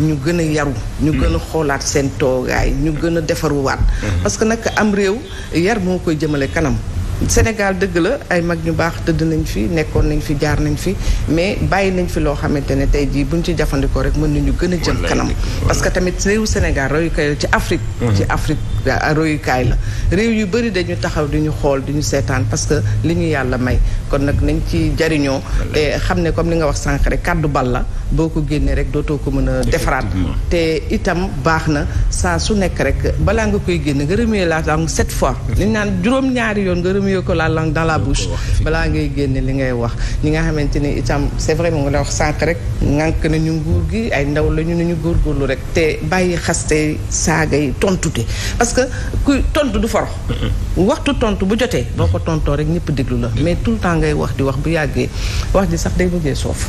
ñu gën a yaru ñu hmm. gën a xoolaat seen toogaay ñu gën a defaruwaat hmm. parce que nag am réew yar moo koy jëmalee kanam Sénégal dëgg la ay mag ñu baax tëdd nañ fi nekkoon nañ fi jaar nañ fi mais bàyyi nañ fi loo xamante ne tey jii buñ ci jafandikoo rek mën nañu gën a jëm kanam parce que tamit réewu Sénégal royukaay ci Afrique hmm. ci Afrique royukaay la réew yu bëri dañu taxaw di ñu xool di ñu seetaan parce que li ñu yàlla may kon nag nañ ci jariñoo te eh, xam ne comme li nga wax sànq rek kàddu bal la boo ko génnee rek dootoo ko mën a defaraat te itam baax na saa su nekk rek balaa nga koy génn nga remuer la langue sept fois li naan juróom yoon nga remuer ko la langue dans la bouche balaa ngay li ngay wax ñi nga xamante ni itam c'est vrai mu nga wax sànq rek ngànk nañu nguur gi ay ndaw la ñu góor góorlu rek te bàyyi xaste saaga yi tontute que ku tontu du foro. waxtu tontu bu jotee boo ko tontoo rek ñëpp déglu la mais tout le temps ngay wax di wax bu yàggee wax ji sax day bëggee soof.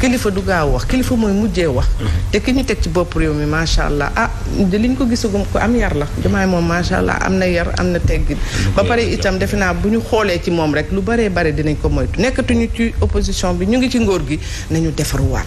kilifa du gaaw wax kilifa mooy mujjee wax. Mhm. te ki ñu teg ci boppu réew mi macha allah ah li ñu ko gisagum ko am yar la jamaay moom macha allah am na yar am na teg ba pare itam defe naa bu ñu xoolee ci moom rek lu baree bare dinañ ko moytu nekkatuñu ci opposition bi ñu ngi ci ngóor gi nañu defaruwaat.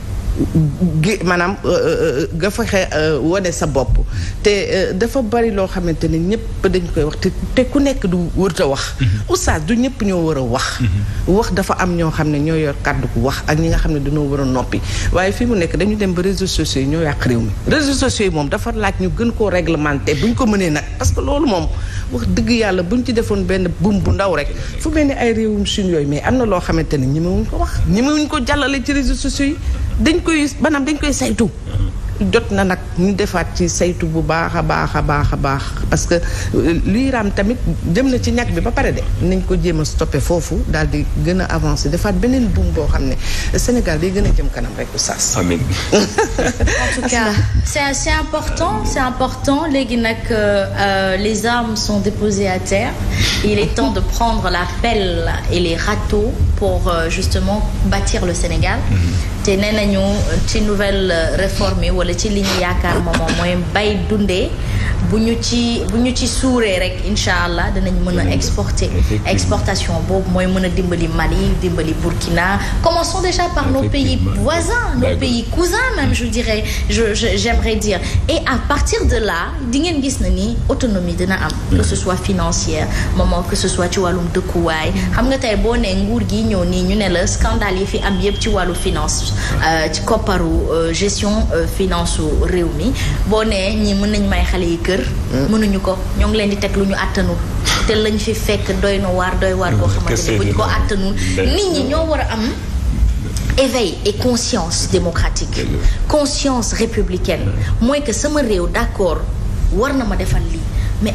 gi maanaam euh, euh, euh, nga fexe wane sa bopp te dafa bari loo xamante ne ñëpp dañ koy wax te te ku nekk du wërta wax mhm. oustaz du ñëpp ñoo war a wax mhm. wax dafa am ñoo xam ne ñoo yor kàddu ku wax ak ñi nga xam ne dañoo war a noppi waaye fii mu nekk dañu dem ba réseaux sociaux yi ñoo yàq réew mi réseaux sociaux yi moom dafa laaj ñu gën koo réglementé buñ ko mënee nag parce que loolu moom wax dëgg yàlla buñ ci defoon benn buum bu ndaw rek fu mel ni ay réewum Chine yooyu mais am na loo xamante ne ñi mawuñ ko dañ koy maanaam dañ koy saytu. jot na nag ñu defaat ci saytu bu baax a baax a baax a baax parce que euh, luy raam tamit jëm na ci ñag bi ba pare de nañ ko jéem a stoppé foofu daal di gën a avancé defaat beneen buum boo xam ne Sénégal day gën a jëm kanam rek oustaz. amiin. en tout cas c'est c'est important c'est important léegi nag euh, euh, les armes sont déposées à terre. Il est temps de prendre la pelle et les râteaux pour euh, justement bâtir le Sénégal. Mhm. te nee nañu euh, ci nouvelle euh, réforme yi wala ci li ñu yaakaar moom mooy bay dundee bu ñu ci bu ñu ci suuree rek incha allah danañ mën exporter exportation boobu mooy mën dimbali Mali dimbali Burkina commençons déjà par nos pays voisins nos pays cousins même je dirais je j'aimerais dire et à partir de là di ngeen gis na ni autonomie dina am que ce mhm. soit financière que ce soit tu vois xam nga tay bo ne nguur gi ni ñu ne la scandale yi fi am yeb ci walu finance euh, ci euh, gestion euh, finance rewmi bo ne ñi mën may xalé yi kër hmm. mënuñu ko ñoo leen di tek luñu attanu té lañ fi fekk doyno hmm. hmm. war doy éveil et conscience démocratique conscience républicaine moins que sama d'accord war na ma mais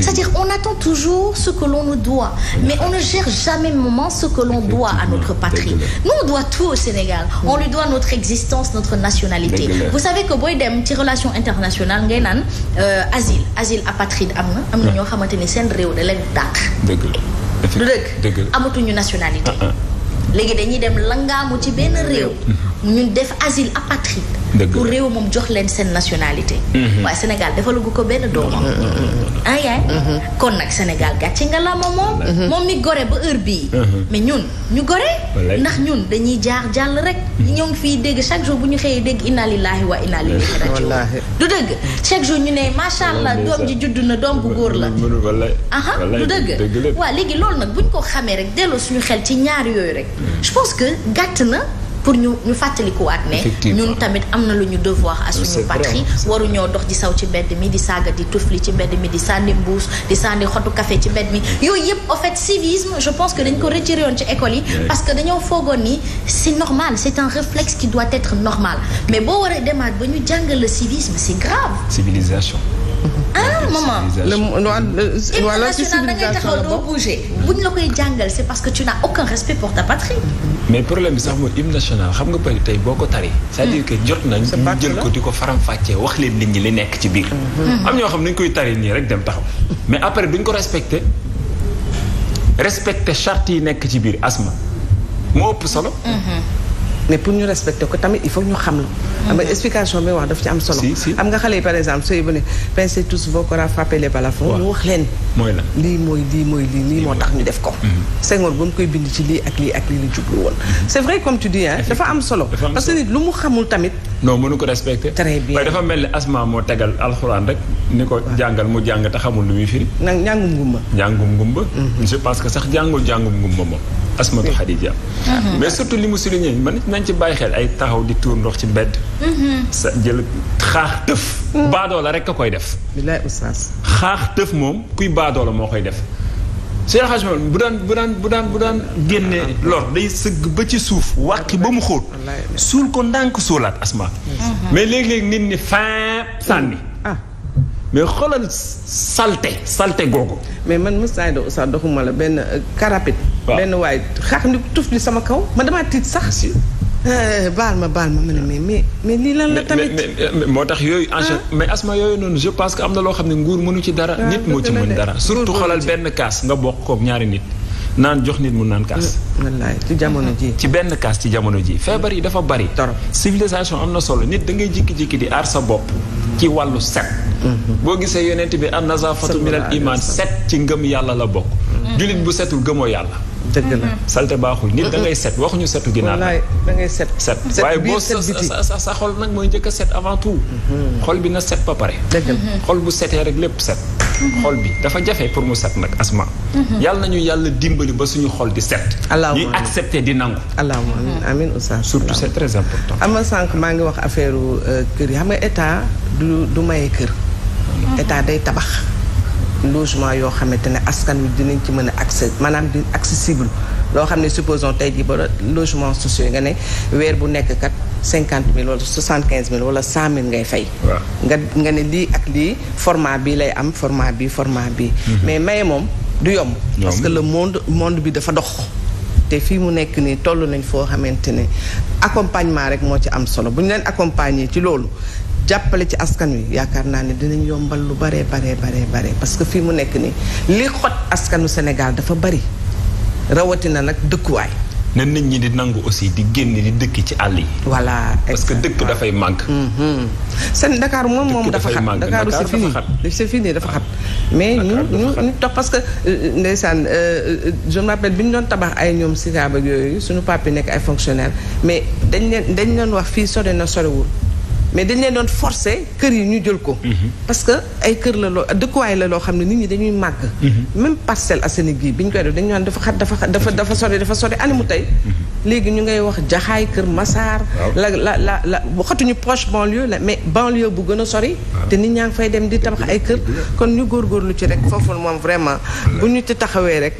c'est-à-dire on attend toujours ce que l'on nous doit mais on ne gère jamais moment ce que l'on doit à notre patrie nous on doit tout au Sénégal mm. on lui doit notre existence notre nationalité vous savez que Boy dem ci relations internationales, ngay naan euh, asile asile apatride am na am na ah. ñoo xamante ni seen de da leen dàq du amatuñu nationalité une ah, ah. dañuy dem langaamu ci benn réew mm-hmm. ñu def asile apatride pour réew moom jox leen seen nationalité. Mhm. waaye Sénégal defalagu ko benn doomam. Mhm. Ah, mhm. kon nag Sénégal gàcce nga la moom. moom mi gore ba heure bii. mais ñun ñu gore. ndax ñun dañuy jaar jàll rek. ñoo ngi fiy dégg chaque jour bu ñu xëyee dégg inna lillahi wa inna ilayhi raji'un. du dëgg chaque jour ñu ne macha allah doom ji judd na doom bu góor la. aha du dëgg. waaw léegi loolu nag bu ñu ko xamee rek delloo suñu xel ci ñaar yooyu rek. je pense que gàtt na. pour nous, ñu fàttalikuwaat ñun tamit devoir à suñu patrie hein, ñoo dox di saw ci mi di di tufli ci mi di di fait civisme je pense que dañ ko ci parce que c'est normal c'est un réflexe qui doit être normal mais bon, ba ñu le civisme c'est grave civilisation ah maman le voilà national da ngay taxaw doo bouger buñ la koy jàngal c'est parce que tu n'as aucun respect pour ta patrie Mes problèmes, ça sax mooy national xam nga pay tey boo ko tari c'est-à-dire que jot nañ ñu jël ko di ko faram-fàccee wax leen nit ñi li nekk ci biir mhm. am ñoo xam nañ koy tari nii rek dem taxaw mais après duñ ko respecter, respecter charte yi nekk ci biir asma moo ëpp solo mhm. mais pour ñu respecter ko tamit il faut ñu xam ah, explication mais wax ci am solo. am nga xalé par exemple vous avez ne tous vos corps, les par wax moy la que vous moy li ni motax ñu def ko. Mhm. seigneur bu ngui koy bind ci ak ak mhm. vrai comme tu dis hein dafa am solo. parce que lu mu xamul tamit. non mënu ko respecter très bien mais dafa mel asma mo tegal alcorane rek. niko jangal mu jàng ta xamul lu mhm. je pense que sax asmatu xadija uh-huh. mais surtout li mu souligné man nañ ci bàyyi xel ay taxaw di tuur ndox ci mbedd uh-huh. sa jël xaax tëf uh-huh. baadoola rek a koy def bilaay oustaz xaax tëf moom kuy baadoola moo koy def Cheikh Hadj bu daan bu daan bu daan bu daan génne lor day sëgg ba ci suuf wàqi ba mu xóot suul ko ndànk suulaat asma mais léegi léeg nit ñi fin sànni ah. mais xoolal salte salte googu mais man Moussa Aïda doxuma la benn karapit euh, benn waay xaax ni tuf di sama kaw ma damaa tiit sax. Eh, baal ma baal ma ma ne mais mais mais lii lan la tamit. moo tax yooyu en ah. mais asma yooyu noonu je pense que am na loo xam ne nguur mënu ci dara. Ah, nit moo ci mën dara surtout xoolal benn kaas nga bokk koog ñaari nit. naan jox nit mu naan kaas. Mm, wallaay ci jamono ji. ci benn kaas ci jamono ji feebar yi dafa bari. civilisation am na solo nit da ngay jékki-jékki di aar sa bopp. ci wàllu set. Mm-hmm. boo gisee yonent bi an nazafatu minal iman set ci ngëm yàlla la bokk. Mm-hmm. jullit bu setul gëmoo yàlla. dëgg na mm-hmm. salte baaxul nit da ngay set waxuñu setu ginnaaw. wallaay da ngay set. set waaye boo sa sa sa xol nag mooy njëkk a set avant tout. Mm-hmm. xol bi na set ba pare. dëgg la mm-hmm. xol bu setee rek lépp set. xol bi dafa jafe pour mu set nag asma. yàlla nañu yàlla dimbali ba suñu xol di set. ñuy accepté di nangu. allahumma amiin oustaz. surtout c'est très important. am na sànq maa ngi wax affaire euh, kër yi xam nga état du du maye kër. état day tabax. logement yo xamantene askan wi dinañ ci mëna accès manam di accessible lo xamné supposons tay di ba logement sociaux nga né weer bu nekk kat cinquante mille wala soixante quinze wala cent mille ngay fay. nga nga né li ak li format bi lay am format bi format bi. Mhm. mais maye mom du yom parce que le monde monde bi dafa dox. té fi mu nekk ni tollu nañ fo xamantene accompagnement rek mo ci am solo buñ ñu leen accompagner ci lolu jàppale ci askan wi yaakaar naa ne dinañ yombal lu baree baree baree baree parce que fii mu nekk nii li xot askanu Sénégal dafa bari rawatina nag dëkkuwaay. na nit ñi di nangu aussi di génn di dëkki ci àll yi. voilà parce que dëkk dafay màgg. Mhm. seen Dakar moom moom dafa xat Dakar c'est fini dafa ah. xat. mais ñu ñu ñu toog parce que euh, euh, ndeysaan euh, je me rappelle bi ñu doon tabax ay ñoom si ak yooyu suñu pape yi nekk ay fonctionnaire mais dañ leen dañ leen wax fii sori na soriwul. mais dañ leen doon forcer kër yi ñu jël ko. Mhm. parce que ay kër la loo dëkkuwaay la loo xam ne nit ñi dañuy màkk mhm. même parcelle Assainies gi bi ñu koy def dañu naan dafa xat dafa dafa dafa sori dafa sori animu tey. Mhm. léegi ñu ngay wax jaxaay kër Massar. la la la la waxatuñu proche banlieue la mais banlieue bu gën a sori. te nit ñaa ngi fay dem di tabax ay kër. kon ñu góor góorgóorlu ci rek foofu moom vraiment. bu ñu ci taxawee rek.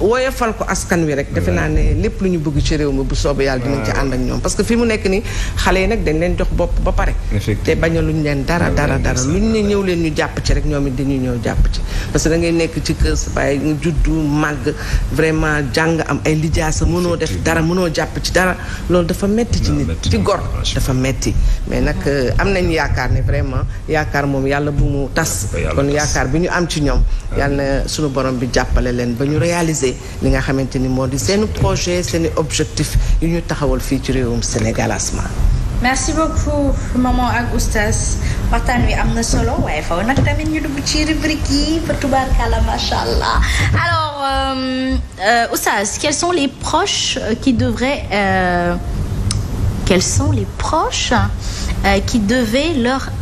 woyefal ko askan wi rek defe naa ne lépp luñu bëgg ci réew mi bu soobee yalla dinañ ci and ak ñom parce que fi mu nekk ni xalé nak dañ leen jox bop ba pare té baña luñu leen dara dara dara luñ ne ñew leen ñu japp ci rek ñom it dañuy ñëw jàpp ci parce que da ngay nekk ci kër sa bay ñu juddu mag vraiment jang am ay lijaasa mëno def dara mëno japp ci dara lool dafa metti ci nit ci gor dafa metti mais nak euh, am nañ yaakar ne vraiment yaakar mom yalla bu mu tas kon yaakar bi ñu am ci ñom yalla suñu borom bi jappalé leen ba ñu réaliser li nga xamanteni ni moo seen projet seen objectif yu ñu taxawal fi ci réewum Sénégal asma merci beaucoup maman ak oustaz waxtaan wi am na solo waaye faw nag tamit ñu dugg ci rubrique yi fa tubaarkàlla macha alors euh, euh, oustaz quels sont les proches euh, qui devraient euh, quels sont les proches euh, qui devaient leur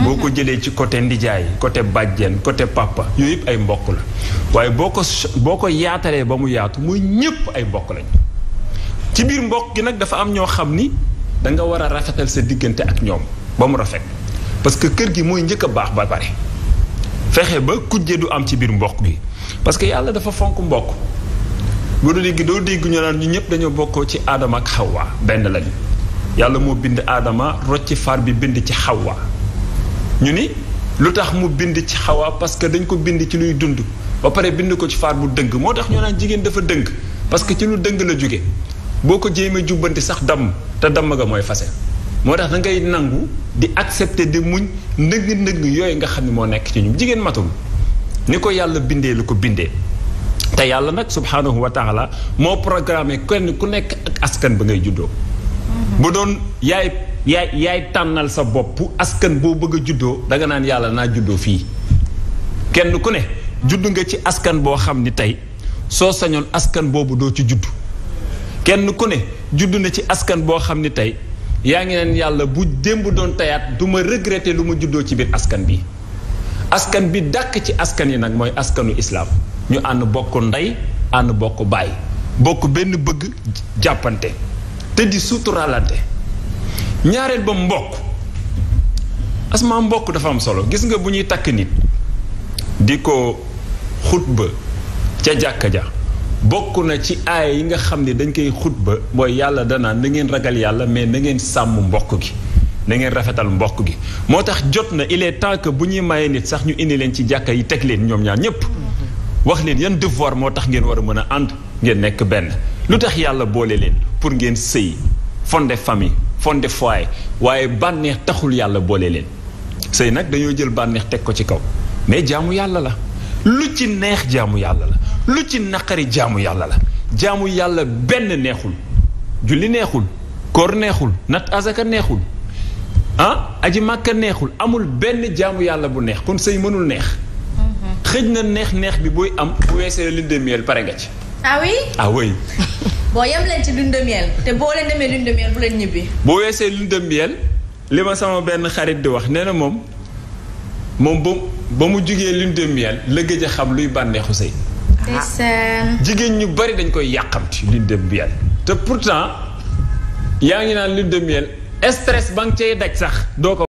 boo ko jëlee ci côté ndijaay côté bàjjen côté papa yooyu yëpp ay mbokk la waaye boo ko boo ko yaatalee ba mu yaatu mooy ñëpp ay mbokk lañ ci biir mbokk gi nag dafa am ñoo xam ni da nga war a rafetal sa diggante ak ñoom ba mu rafet parce que kër gi mooy njëkk a baax ba pare fexe ba kujje du am ci biir mbokk gi parce que yàlla dafa fonk mbokk boo dégg doo dégg ñu naan ñu ñëpp dañoo bokkoo ci aadama ak xawwa benn lañu yàlla moo bind aadama rocci far bi bind ci xawwa ñu ni lu tax mu bind ci xawaa parce que dañ ko bind ci luy dund ba pare bind ko ci faar bu dëng moo tax ñoo naan jigéen dafa dëng parce que ci lu dëng la jóge boo ko jéemee jubbanti sax damm te damm ga mooy fase moo tax dangay nangu di accepter di muñ ndëng-ndëng yooyu nga xam ne moo nekk ci ñu jigéen matul ni ko yàlla bindee lu ko bindee te yàlla nag subhaanahu wa taala moo programmé kenn ku nekk ak askan ba ngay juddoo bu doon yaay yaay yaay tànnal sa bopp askan boo bëgg a juddoo danga naan yàlla naa juddoo fii kenn ku ne judd nga ci askan boo xam ni tey soo sañoon askan boobu doo ci judd kenn ku ne judd na ci askan boo xam ni tey yaa ngi naan yàlla bu démb doon teyaat du ma regretter lu ma juddoo ci biir askan bi askan bi dàkk ci askan yi nag mooy askanu islaam ñu ànd bokk ndey ànd bokk baay bokk benn bëgg jàppante te di suturaalante ñaareel ba mbokk asma mbokk dafa am solo gis nga bu ñuy takk nit di ko xutba ca jàkka ja bokk na ci aaya yi nga xam ne dañ koy xutba mooy yàlla danaa na ngeen ragal yàlla mais na ngeen sàmm mbokk gi na ngeen rafetal mbokk gi moo tax jot na il est temps que bu ñuy maye nit sax ñu indi leen ci jàkka yi teg leen ñoom ñaar ñëpp wax leen yan devoir moo tax ngeen war a mën a ànd ngeen nekk benn lu tax yàlla boole leen pour ngeen sëy fonder famille fondé foyer waaye bànneex taxul yàlla boole leen sëy nag dañoo jël bànneex teg ko ci kaw mais jaamu yàlla la lu ci neex jaamu yàlla la lu ci naqari jaamu yàlla la jaamu yàlla benn neexul julli neexul koor neexul nat azaka neexul ah aji màkka neexul amul benn jaamu yàlla bu neex kon sëy mënul neex mm-hmm. xëj na neex neex bi booy am bu weesee lune de pare nga ci ah, ah bon yem leen ci lune miel te boo leen demee lune de miel bu leen ñibbi. boo weesee lune de miel li ma sama benn xarit di wax nee na moom moom ba mu jugee lune de miel la gëj a xam luy bànneexu sëy. jigéen ñu bari dañ koy yàqamti lune de miel. te pourtant yaa ngi naan lune de miel stress ba nga cay daj sax doo ko.